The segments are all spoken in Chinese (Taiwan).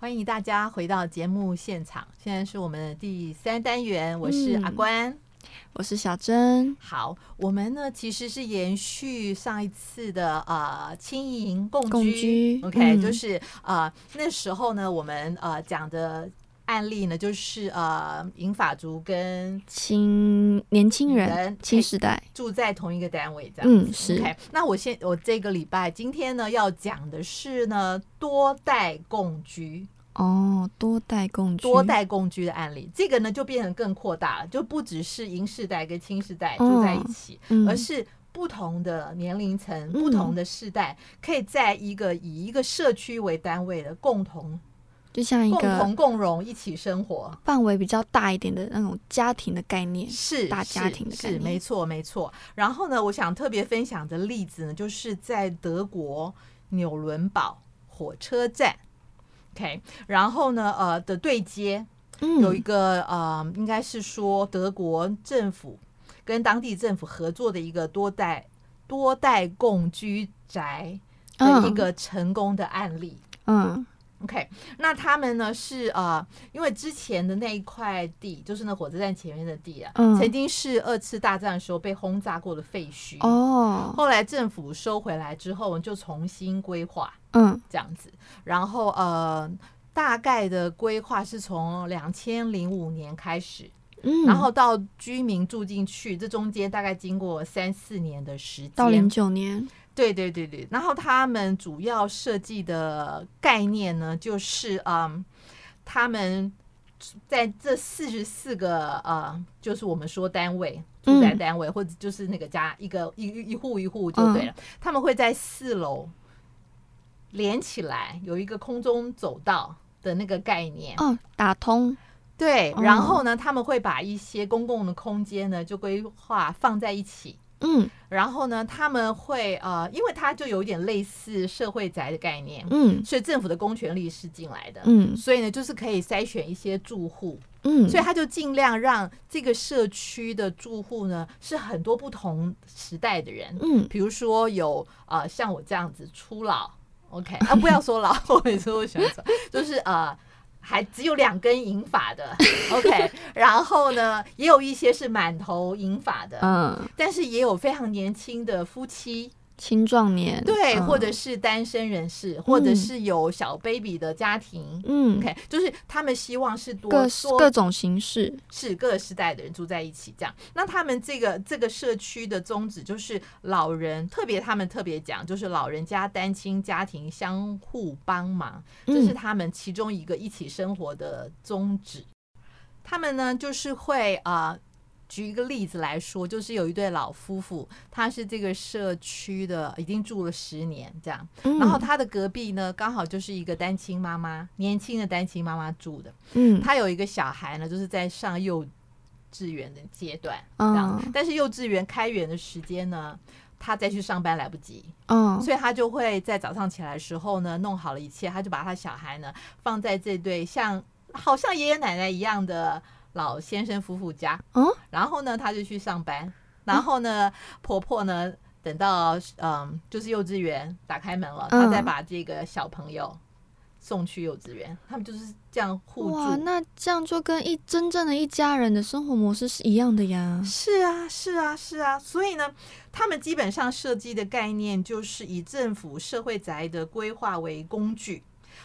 歡迎大家回到節目現場，現在是我們的第三單元。我是阿關，嗯、我是小珍。好，我們呢其實是延續上一次的呃，青銀共居，OK，就是呃那時候呢，我們呃講的。案例呢，就是呃，銀髮族跟青年輕人、青世代住在同一個單位這樣。嗯，是。Okay, 那我現我這個禮拜今天呢，要講的是呢，多代共居。哦，多代共居，多代共居的案例，這個呢就變成更擴大了，就不只是銀世代跟青世代住在一起，哦嗯、而是不同的年齡層、不同的世代，可以在一個、嗯、以一個社區為單位的共同。就像一個共同共榮、一起生活範圍比較大一點的那種家庭的概念，是大家庭的概念，沒錯沒錯。然後呢，我想特別分享的例子呢，就是在德國紐倫堡火車站，OK，然後呢，呃的對接，嗯、有一個呃，應該是說德國政府跟當地政府合作的一個多代多代共居宅的一個成功的案例，嗯。嗯 OK，那他們呢是呃，因為之前的那一塊地，就是那火車站前面的地啊，嗯、曾經是二次大戰的時候被轟炸過的廢墟哦。後來政府收回來之後，就重新規劃，嗯，這樣子。嗯、然後呃，大概的規劃是從兩千零五年開始，嗯，然後到居民住進去，這中間大概經過三四年的時間，到零九年。對對對對，然後他們主要設計的概念呢，就是嗯，他們在這四十四個呃、嗯，就是我們說單位、住宅單位、嗯、或者就是那個家一個一一戶一戶就對了，嗯、他們會在四樓連起來，有一個空中走道的那個概念，嗯，打通，對，然後呢，他們會把一些公共的空間呢，就規劃放在一起。嗯，然後呢，他們會呃，因為它就有點類似社會宅的概念，嗯，所以政府的公權力是進來的，嗯，所以呢，就是可以篩選一些住戶，嗯，所以他就盡量讓這個社區的住戶呢是很多不同時代的人，嗯，比如說有呃像我這樣子初老，OK，啊不要說老， 我也說我喜歡說就是呃。還只有兩根銀髮的 ，OK，然後呢，也有一些是滿頭銀髮的，嗯， 但是也有非常年輕的夫妻。青壯年對，嗯、或者是單身人士，或者是有小 baby 的家庭，嗯，OK，就是他們希望是多各說多各種形式，是各個時代的人住在一起這樣。那他們這個這個社區的宗旨就是老人，特別他們特別講，就是老人家單親家庭相互幫忙，這、就是他們其中一個一起生活的宗旨。嗯、他們呢就是會啊。呃舉一個例子來說，就是有一對老夫婦，他是這個社區的，已經住了十年這樣。然後他的隔壁呢，剛好就是一個單親媽媽，年輕的單親媽媽住的。嗯，他有一個小孩呢，就是在上幼稚園的階段。嗯，這樣。但是幼稚園開園的時間呢，他再去上班來不及。嗯，所以他就會在早上起來的時候呢，弄好了一切，他就把他小孩呢放在這對像好像爺爺奶奶一樣的。老先生夫婦家，嗯，然後呢，他就去上班，然後呢，嗯、婆婆呢，等到嗯，就是幼稚園打開門了，她、嗯、再把這個小朋友送去幼稚園，他們就是這樣互助。哇，那這樣就跟一真正的一家人的生活模式是一樣的呀。是啊，是啊，是啊。所以呢，他們基本上設計的概念就是以政府社會宅的規劃為工具，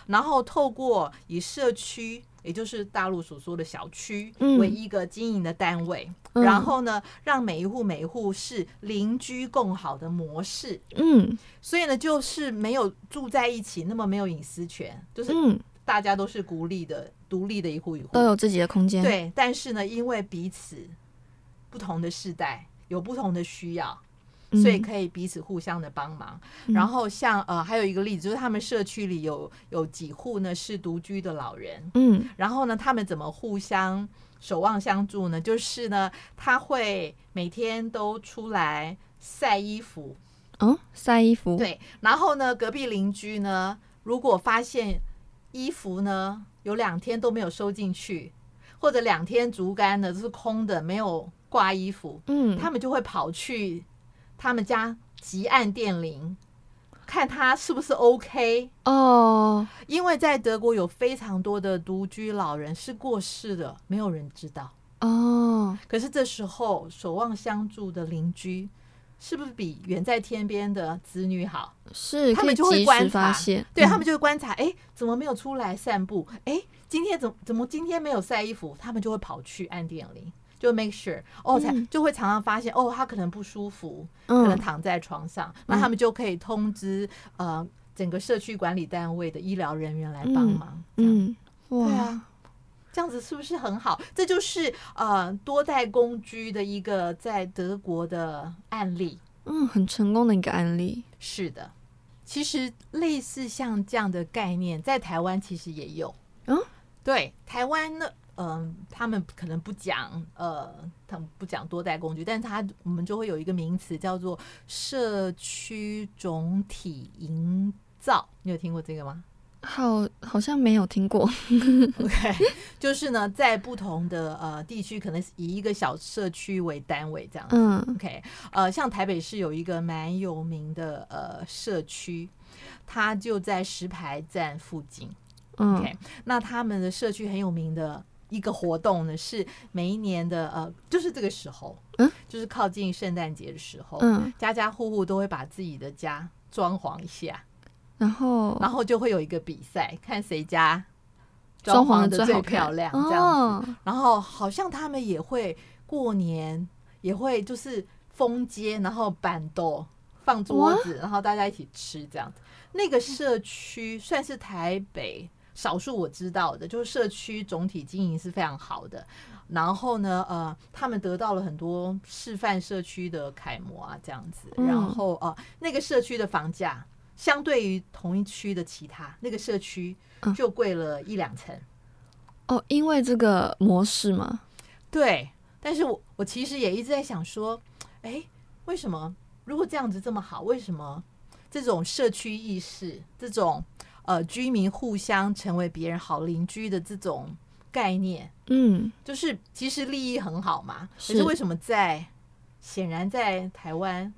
然後透過以社區。也就是大陸所說的小區為一,一個經營的單位，嗯、然後呢，讓每一戶每一戶是鄰居共好的模式。嗯，所以呢，就是沒有住在一起那麼沒有隱私權，就是大家都是孤立的、嗯、獨立的一戶一戶都有自己的空間。對，但是呢，因為彼此不同的世代有不同的需要。所以可以彼此互相的幫忙，嗯、然後像呃還有一個例子，就是他們社區裡有有幾戶呢是獨居的老人，嗯，然後呢他們怎麼互相守望相助呢？就是呢他會每天都出來曬衣服，嗯、哦，曬衣服，對，然後呢隔壁鄰居呢如果發現衣服呢有兩天都沒有收進去，或者兩天竹竿呢都是空的沒有掛衣服，嗯，他們就會跑去。他們家急按電鈴，看他是不是 OK 哦。Oh. 因為在德國有非常多的獨居老人是過世的，沒有人知道哦。Oh. 可是這時候守望相助的鄰居，是不是比遠在天邊的子女好？是，他們就會觀察，及時發現。對，他們就會觀察，哎，怎麼沒有出來散步？哎，今天怎麼怎麼今天沒有曬衣服？他們就會跑去按電鈴。就 make sure 哦、oh, 嗯，才就會常常發現哦，oh, 他可能不舒服，嗯、可能躺在床上，那、嗯、他們就可以通知、嗯、呃整個社區管理單位的醫療人員來幫忙。嗯，樣嗯，哇對、啊，這樣子是不是很好？這就是呃多代共居的一個在德國的案例。嗯，很成功的一個案例。是的，其實類似像這樣的概念，在台灣其實也有。嗯，對，台灣呢。嗯、呃，他們可能不講，呃，他們不講多代共居，但是他，我們就會有一個名詞叫做社區總體營造，你有聽過這個嗎？好，好像沒有聽過。 OK，就是呢，在不同的呃地區，可能以一個小社區為單位這樣子。嗯、OK，呃，像台北市有一個蠻有名的呃社區，它就在石牌站附近。嗯、OK，那他們的社區很有名的。一個活動呢，是每一年的呃，就是這個時候，嗯、就是靠近聖誕節的時候，嗯、家家戶戶都會把自己的家裝潢一下，然後，然後就會有一個比賽，看誰家裝潢得最漂亮這樣子。哦、然後好像他們也會過年，也會就是封街，然後辦桌放桌子，然後大家一起吃這樣子。哇那個社區算是台北，少數我知道的，就是社區總體經營是非常好的。然後呢，呃，他們得到了很多示範社區的楷模啊，這樣子。然後啊、嗯呃，那個社區的房價相對於同一區的其他那個社區，就貴了一兩成，嗯。哦，因為這個模式嗎？對。但是我我其實也一直在想說，哎、欸，為什麼如果這樣子這麼好，為什麼這種社區意識這種？呃，居民互相成為別人好鄰居的這種概念，嗯，就是其實利益很好嘛，是可是為什麼在顯然在台灣，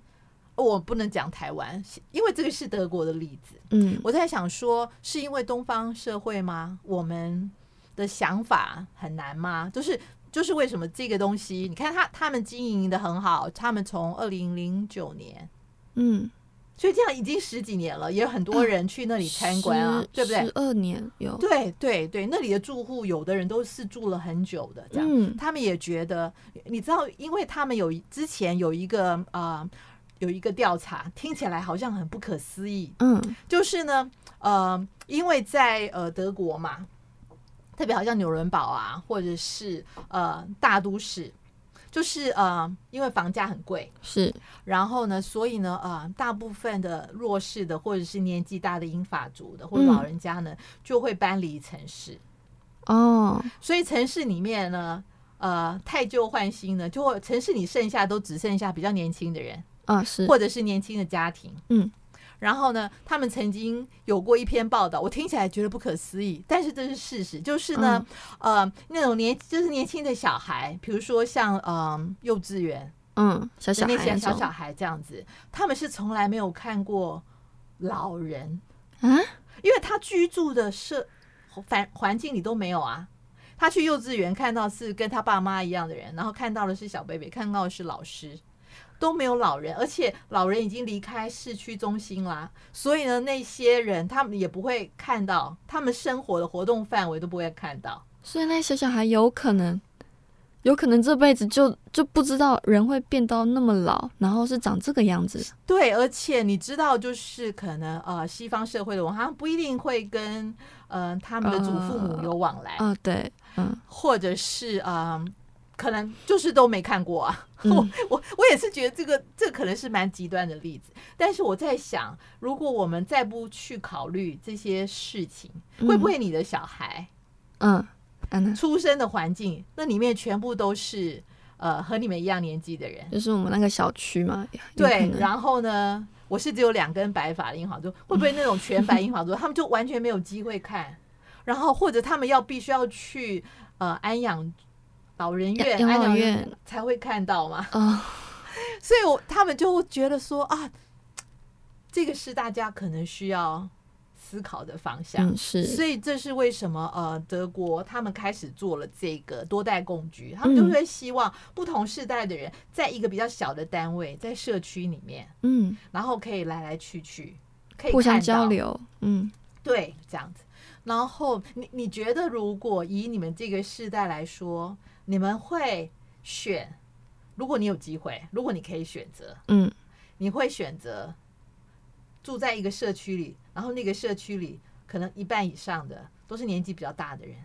哦，我不能講台灣，因為這個是德國的例子，嗯，我在想說是因為東方社會嗎？我們的想法很難嗎？就是就是為什麼這個東西，你看他他們經營得很好，他們從二零零九年，嗯。所以這樣已經十幾年了，也有很多人去那裡參觀啊，嗯、對不對？十二年有，對對對、對，那裡的住戶有的人都是住了很久的，這樣、嗯、他們也覺得，你知道，因為他們有之前有一個呃有一個調查，聽起來好像很不可思議，嗯，就是呢呃因為在呃德國嘛，特別好像紐倫堡啊，或者是呃大都市。就是呃，因為房價很貴，是，然後呢，所以呢，呃，大部分的弱勢的或者是年紀大的銀髮族的或者老人家呢，嗯、就會搬離城市。哦，所以城市裡面呢，呃，汰舊換新呢，就會城市裡剩下都只剩下比較年輕的人啊，是，或者是年輕的家庭，嗯。然後呢，他們曾經有過一篇報道，我聽起來覺得不可思議，但是這是事實。就是呢，嗯、呃，那種年就是年輕的小孩，比如說像呃幼稚園，嗯，小小年、小、小小孩這樣子，他們是從來沒有看過老人，嗯，因為他居住的社環、環境裡都沒有啊。他去幼稚園看到是跟他爸媽一樣的人，然後看到的是小 baby，看到的是老師。都沒有老人，而且老人已經離開市區中心啦，所以呢，那些人他們也不會看到，他們生活的活動範圍都不會看到。所以那些小，小孩有可能，有可能這輩子就就不知道人會變到那麼老，然後是長這個樣子。對，而且你知道，就是可能呃，西方社會的人不一定會跟呃他們的祖父母有往來啊、呃呃，對，嗯、呃，或者是嗯。呃可能就是都沒看過啊，嗯、我我我也是覺得這個這個、可能是蠻極端的例子，但是我在想，如果我們再不去考慮這些事情，嗯、會不會你的小孩嗯，嗯出生的環境那裡面全部都是呃和你們一樣年紀的人，就是我們那個小區嘛，對，然後呢，我是只有兩根白髮的銀髮族，會不會那種全白銀髮族，嗯、他們就完全沒有機會看， 然後或者他們要必須要去呃安養。老人院、養、啊、老人院才會看到嘛？哦、 所以我，我他們就覺得說啊，這個是大家可能需要思考的方向。嗯、是，所以這是為什麼，呃，德國他們開始做了這個多代共居，他們就會希望不同世代的人在一個比較小的單位，在社區裡面，嗯，然後可以來來去去，可以互相交流。嗯，對，這樣子。然後，你你覺得，如果以你們這個世代來說？你們會選？如果你有機會，如果你可以選擇，嗯，你會選擇住在一個社區裡，然後那個社區裡可能一半以上的都是年紀比較大的人，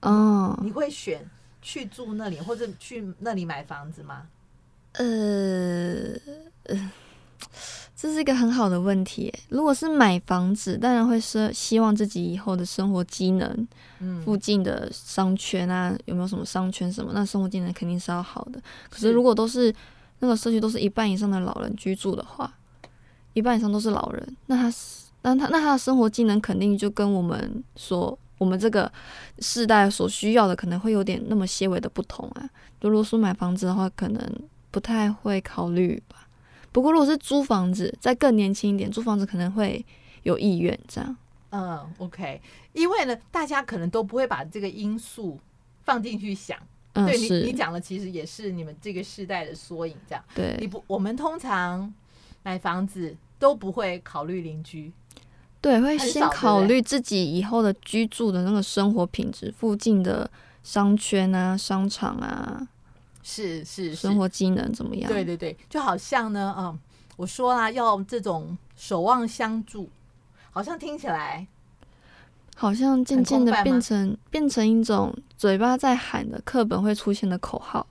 嗯、哦，你會選去住那裡，或者去那裡買房子嗎？呃。這是一個很好的問題。如果是買房子，當然會是希望自己以後的生活機能，嗯、附近的商圈啊，有沒有什麼商圈什麼，那生活機能肯定是要好的。可是如果都是，是那個社區都是一半以上的老人居住的話，一半以上都是老人，那他那他那他的生活機能肯定就跟我們所我們這個世代所需要的可能會有點那麼些微的不同啊。就如果說買房子的話，可能不太會考慮吧。不過，如果是租房子，再更年輕一點，租房子可能會有意願這樣。嗯、uh,，OK，因為呢，大家可能都不會把這個因素放進去想。嗯、對你，你講的其實也是你們這個世代的縮影，這樣。對，你不，我們通常買房子都不會考慮鄰居，對，會先考慮自己以後的居住的那個生活品質，對對附近的商圈啊、商場啊。是是，是生活技能怎麼樣？對對對，就好像呢，啊、嗯，我說啦，要這種守望相助，好像聽起來，好像漸漸的變成變成一種嘴巴在喊的課本會出現的口號，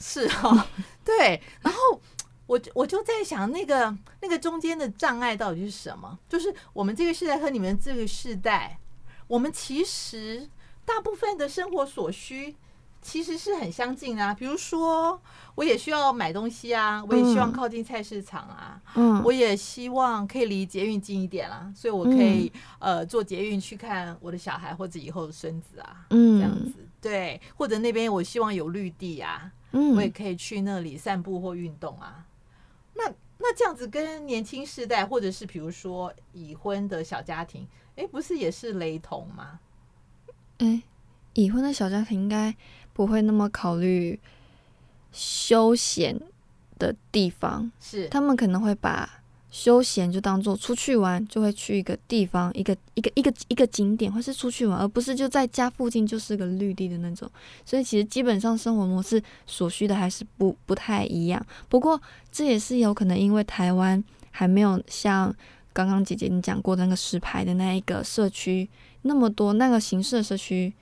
是哦，對。 然後我我就在想，那個，那個那個中間的障礙到底是什麼？就是我們這個世代和你們這個世代，我們其實大部分的生活所需，其實是很相近啊，比如說我也需要買東西啊，我也希望靠近菜市場啊，嗯嗯、我也希望可以離捷運近一點啊，所以我可以、嗯、呃坐捷運去看我的小孩或者以後的孫子啊，嗯，這樣子對，或者那邊我希望有綠地啊，嗯、我也可以去那裡散步或運動啊。那那這樣子跟年輕世代或者是比如說已婚的小家庭，欸、不是也是雷同嗎？哎、欸，已婚的小家庭應該。不會那麼考慮休閒的地方，是他們可能會把休閒就當做出去玩，就會去一個地方，一個一個一個一個景點，或是出去玩，而不是就在家附近就是個綠地的那種。所以其實基本上生活模式所需的還是不不太一樣。不過這也是有可能，因為台灣還沒有像剛剛姐姐你講過的那個石牌的那一個社區那麼多那個形式的社區。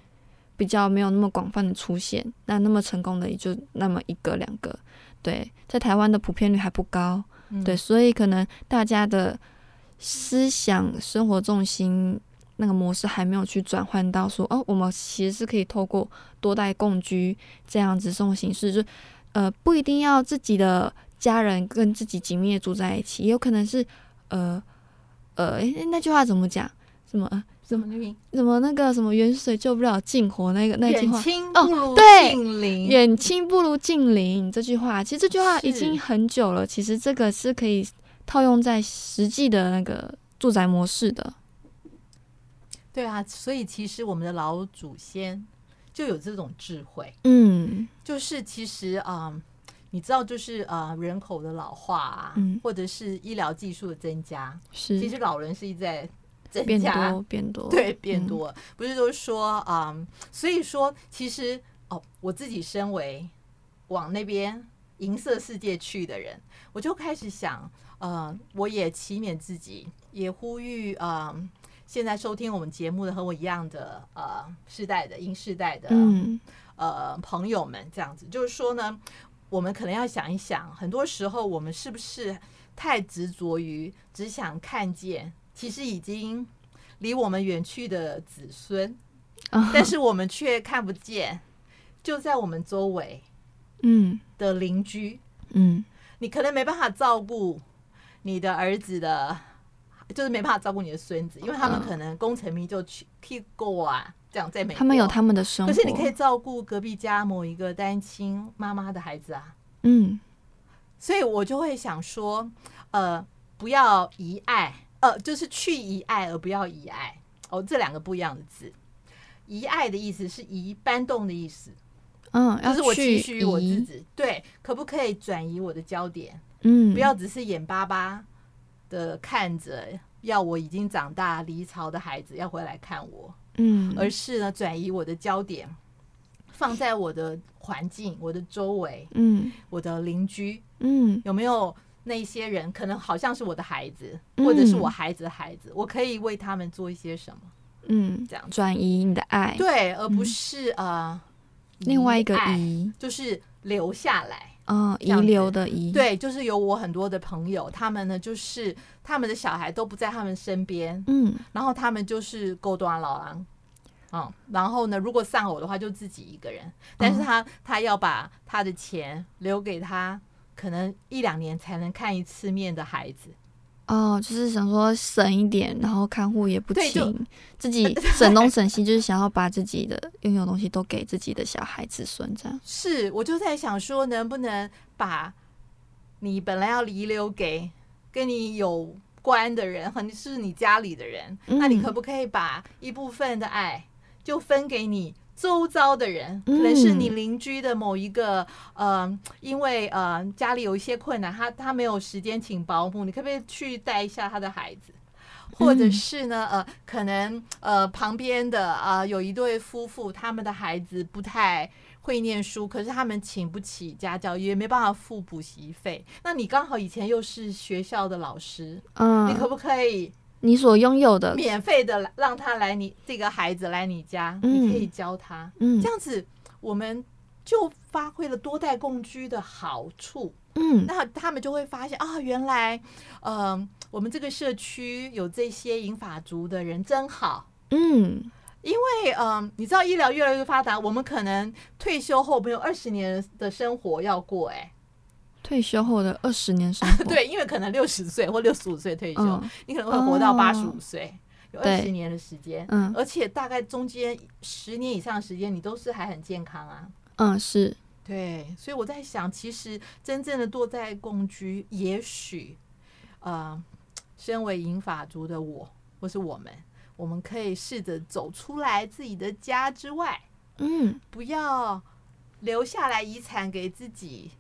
比較沒有那麼廣泛的出現，那那麼成功的也就那麼一個兩個，對，在台灣的普遍率還不高，嗯、對，所以可能大家的思想、生活重心那個模式還沒有去轉換到說，哦，我們其實是可以透過多代共居這樣子這種形式，就呃不一定要自己的家人跟自己緊密的住在一起，也有可能是呃呃、欸，那句話怎麼講？什麼？怎麼怎麼那個什麼，遠水救不了近火，那個那句話近鄰，遠親不如近鄰。哦、 這句話其實這句話已經很久了是其實這個是可以套用在實際的那個住宅模式的。對啊，所以其實我們的老祖先就有這種智慧，嗯，就是其實啊、呃、你知道就是啊、呃，人口的老化啊，嗯、或者是醫療技術的增加是其實老人是一直在。增加變多，對變多，變多嗯、不是都說啊、嗯？所以說，其實哦，我自己身為往那邊銀色世界去的人，我就開始想，嗯、呃，我也期勉自己，也呼籲嗯、呃，現在收聽我們節目的和我一樣的呃，世代的銀世代的呃朋友們，這樣子，嗯、就是說呢，我們可能要想一想，很多時候我們是不是太執着於只想看見。其實已經離我們遠去的子孫，uh, 但是我們卻看不見，就在我們周圍，嗯的鄰居，嗯，你可能沒辦法照顧你的兒子的，就是沒辦法照顧你的孫子，因為他們可能功成名就去，uh, 去，去過啊，這樣在美國，他們有他們的生活，可是你可以照顧隔壁家某一個單親媽媽的孩子啊，嗯，所以我就會想說，呃，不要遺愛。呃，就是去移愛，而不要以愛哦，這兩個不一樣的字。移愛的意思是移搬動的意思，嗯、哦，要去是我謙虛我自己，以對，可不可以轉移我的焦點？嗯，不要只是眼巴巴的看着，要我已經長大離巢的孩子要回來看我，嗯，而是呢轉移我的焦點，放在我的環境、我的周圍，嗯，我的鄰居，嗯，有沒有？那些人可能好像是我的孩子，或者是我孩子的孩子，我可以為他們做一些什麼？嗯，這樣轉移你的愛，對，而不是呃另外一個遺，就是留下來，嗯，遺留的遺，對，就是有我很多的朋友，他們呢就是他們的小孩都不在他們身邊，嗯，然後他們就是孤單老人，嗯，然後呢，如果喪偶的話，就自己一個人，但是他他要把他的錢留給他。可能一兩年才能看一次面的孩子，哦，就是想說省一點，然後看護也不請，自己省東省西， 就是想要把自己的擁有東西都給自己的小孩子孫這樣。是，我就在想說，能不能把你本來要遺留給跟你有關的人，和你是你家裡的人，嗯、那你可不可以把一部分的愛就分給你？周遭的人，可能是你鄰居的某一個，嗯、呃，因為呃家裡有一些困難，他他沒有時間請保姆，你可不可以去帶一下他的孩子？或者是呢，呃，可能呃旁邊的啊、呃、有一對夫婦，他們的孩子不太會念書，可是他們請不起家教，也沒辦法付補習費。那你剛好以前又是學校的老師，嗯、你可不可以？你所擁有的免費的，讓他來你這個孩子來你家，嗯、你可以教他，嗯、這樣子我們就發揮了多代共居的好處。嗯，那他們就會發現啊，原來，嗯、呃，我們這個社區有這些銀髮族的人真好。嗯，因為嗯、呃，你知道醫療越來越發達，我們可能退休後沒有二十年的生活要過哎、欸。退休後的二十年時間 對，因為可能六十歲或六十五歲退休，嗯、你可能會活到八十五歲，嗯、有二十年的時間，嗯，而且大概中間十年以上的時間，你都是還很健康啊，嗯，是對，所以我在想，其實真正的多代共居，也許，呃，身為銀髮族的我或是我們，我們可以試着走出來自己的家之外，嗯，不要留下來遺產給自己。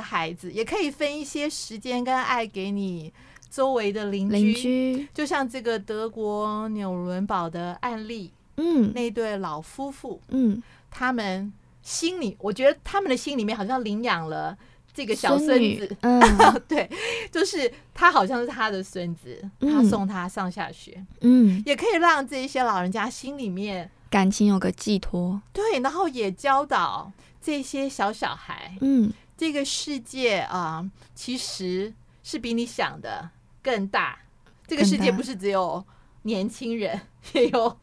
孩子也可以分一些時間跟愛給你周圍的鄰居，居就像這個德國紐倫堡的案例，嗯，那對老夫婦，嗯，他們心裡，我覺得他們的心裡面好像領養了這個小孫子，嗯， 對，就是他好像是他的孫子，嗯，他送他上下學，嗯，也可以讓這一些老人家心裡面感情有個寄託，對，然後也教導這些小小孩，嗯。這個世界啊，其實是比你想的更大。這個世界不是只有年輕人，大也有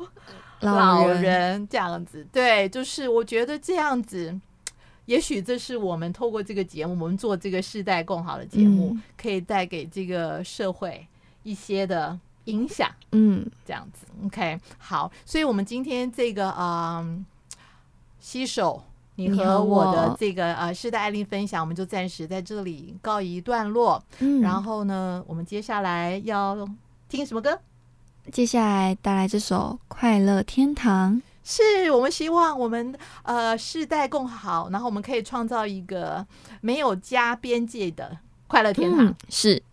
老人這樣子。人對，就是我覺得這樣子，也許這是我們透過這個節目，我們做這個世代更好的節目，嗯、可以帶給這個社會一些的影響。嗯，這樣子，OK，好。所以，我們今天這個啊，攜、嗯、手。你和我的這個呃世代案例分享，我，我們就暫時在這裡告一段落。嗯、然後呢，我們接下來要聽什麼歌？接下來帶來這首《快樂天堂》，是我們希望我們呃世代共好，然後我們可以創造一個沒有家邊界的快樂天堂。嗯、是。